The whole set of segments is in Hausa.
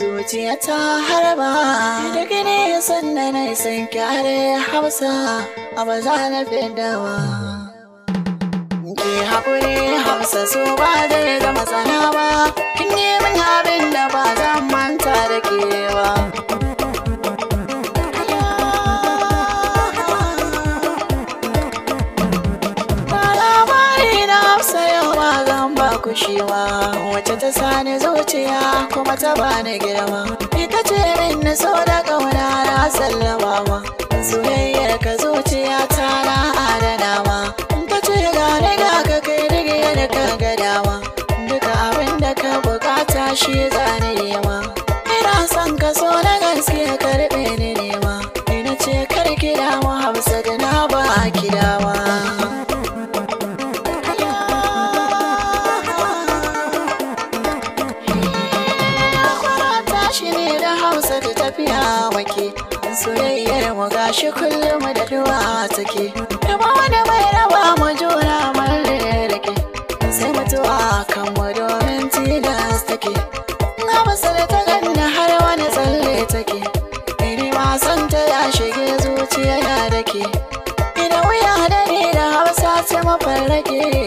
zuciya ta harba ya san sannan na san kyare hausa a baza na fedawa ke haƙuri hausa su ba da kushewa wace ta sani zuciya kuma ta bani girma ita ce min na so da ƙauna na sallama ma soyayyar ka zuciya ta na adana ma ta ce ga ni ga ka kai rige da ka ga duka abin da ka bukata shi zane nema ina son ka so na gaske karɓe ni nema ina ce kar ki damu hamsa da na ba ki dawa lafiya wake soyayyar mu gashi kullum da duwa take kuma wani mai raba mu juna malle da ke sai mutuwa kan mu domin tilas take na masala ta ganna har wani tsalle take ni ma san ta ya shige zuciya da ke ina wuya da ni da hausa ce mafarrake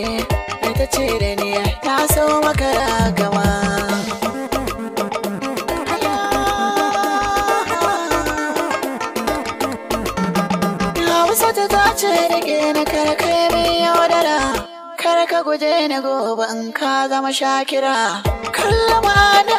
Hansatu ta ce rike ni karkai min yaudara, kar ka guje ni gobe in ka zama shakira, kallama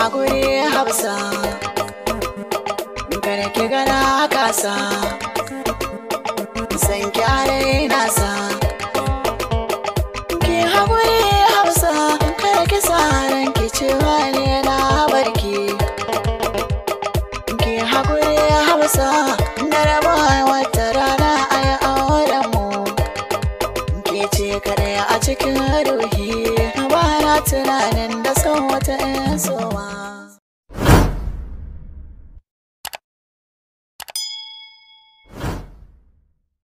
Hakuri hafsa kada ki gana kasa san kyare nasa ki hakuri hafsa kare ki sa ki cewa ne na barki ki hakuri hafsa tunanin da son wata 'yan sowa.